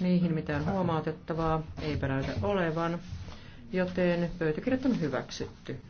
niihin mitään huomautettavaa ei näytä olevan, joten pöytäkirjat on hyväksytty.